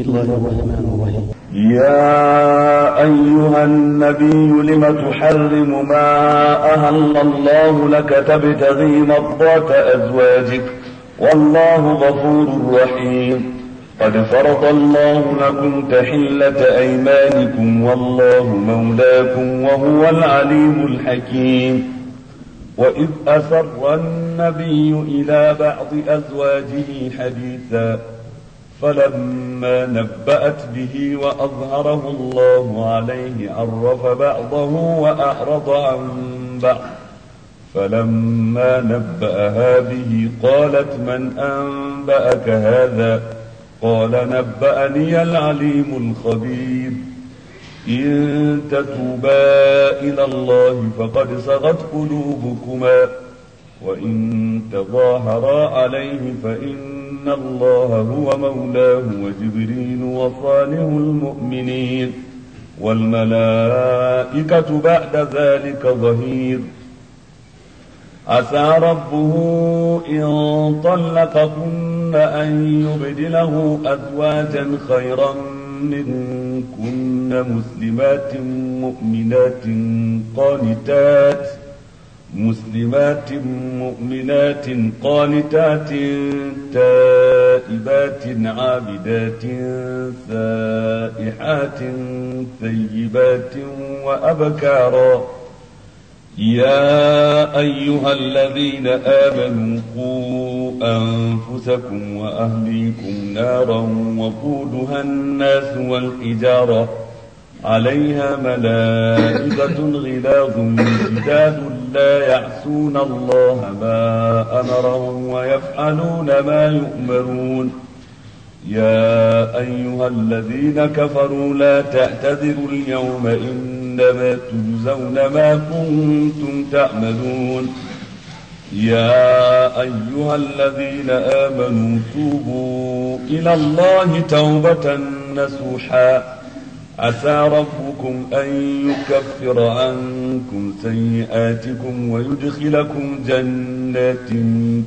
بسم الله الرحمن الرحيم يا أيها النبي لم تحرم ما أهل الله لك تبتغي مرضات أزواجك والله غفور رحيم قد فرض الله لكم تحلة أيمانكم والله مولاكم وهو العليم الحكيم وإذ أسر النبي إلى بعض أزواجه حديثا فلما نبأت به وأظهره الله عليه عرف بعضه وأعرض عن بعض فلما نبأها به قالت من أنبأك هذا قال نبأني العليم الخبير إن تتوبا إلى الله فقد صغت قلوبكما وإن تظاهرا عليه فإن إن الله هو مولاه وجبريل وصالح المؤمنين والملائكة بعد ذلك ظهير عسى ربه إن طلقكن أن يبدله أزواجا خيرا منكن مسلمات مؤمنات قانتات مسلمات مؤمنات قانتات تائبات تائبات عابدات سائحات ثيبات وأبكارا يا أيها الذين آمنوا قوا أنفسكم وأهليكم نارا وقودها الناس والحجارة عليها ملائكة غلاظ شداد لا يعصون الله ما أمرهم ويفعلون ما يؤمرون يا أيها الذين كفروا لا تعتذروا اليوم إنما تجزون ما كنتم تعملون يا أيها الذين آمنوا توبوا إلى الله توبة نسوحا عسى ربكم أن يكفر عنكم سيئاتكم ويدخلكم جنات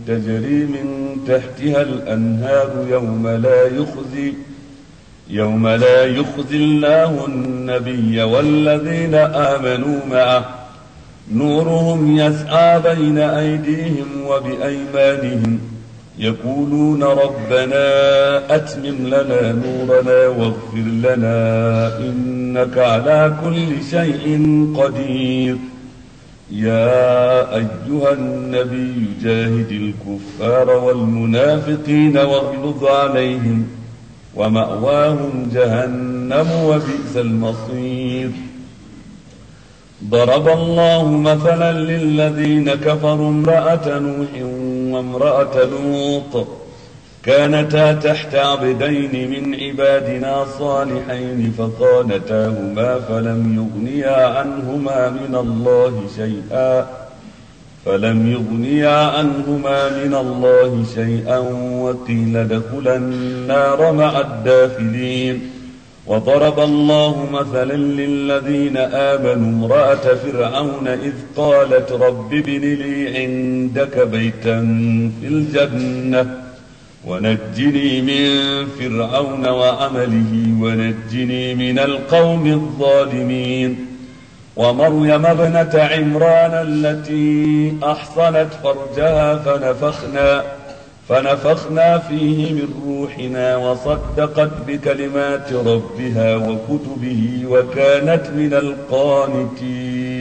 تجري من تحتها الأنهار يوم لا يخزي يوم لا يخزي الله النبي والذين آمنوا معه نورهم يسعى بين أيديهم وبأيمانهم يقولون ربنا أتمم لنا نورنا واغفر لنا إنك على كل شيء قدير يا أيها النبي جاهد الكفار والمنافقين واغلظ عليهم ومأواهم جهنم وبئس المصير ضرب الله مثلا للذين كفروا امرأة نوح وامرأة لوط كانتا تحت عبدين من عبادنا صالحين فخانتاهما فلم يغنيا عنهما من الله شيئا فلم يغنيا عنهما من الله شيئا وقيل ادخلا النار مع الداخلين وضرب الله مثلا للذين آمنوا امرأة فرعون إذ قالت رب ابن لي عندك بيتا في الجنة ونجني من فرعون وعمله ونجني من القوم الظالمين ومريم ابنة عمران التي أحصنت فرجها فنفخنا فنفخنا فيه من روحنا وصدقت بكلمات ربها وكتبه وكانت من القانتين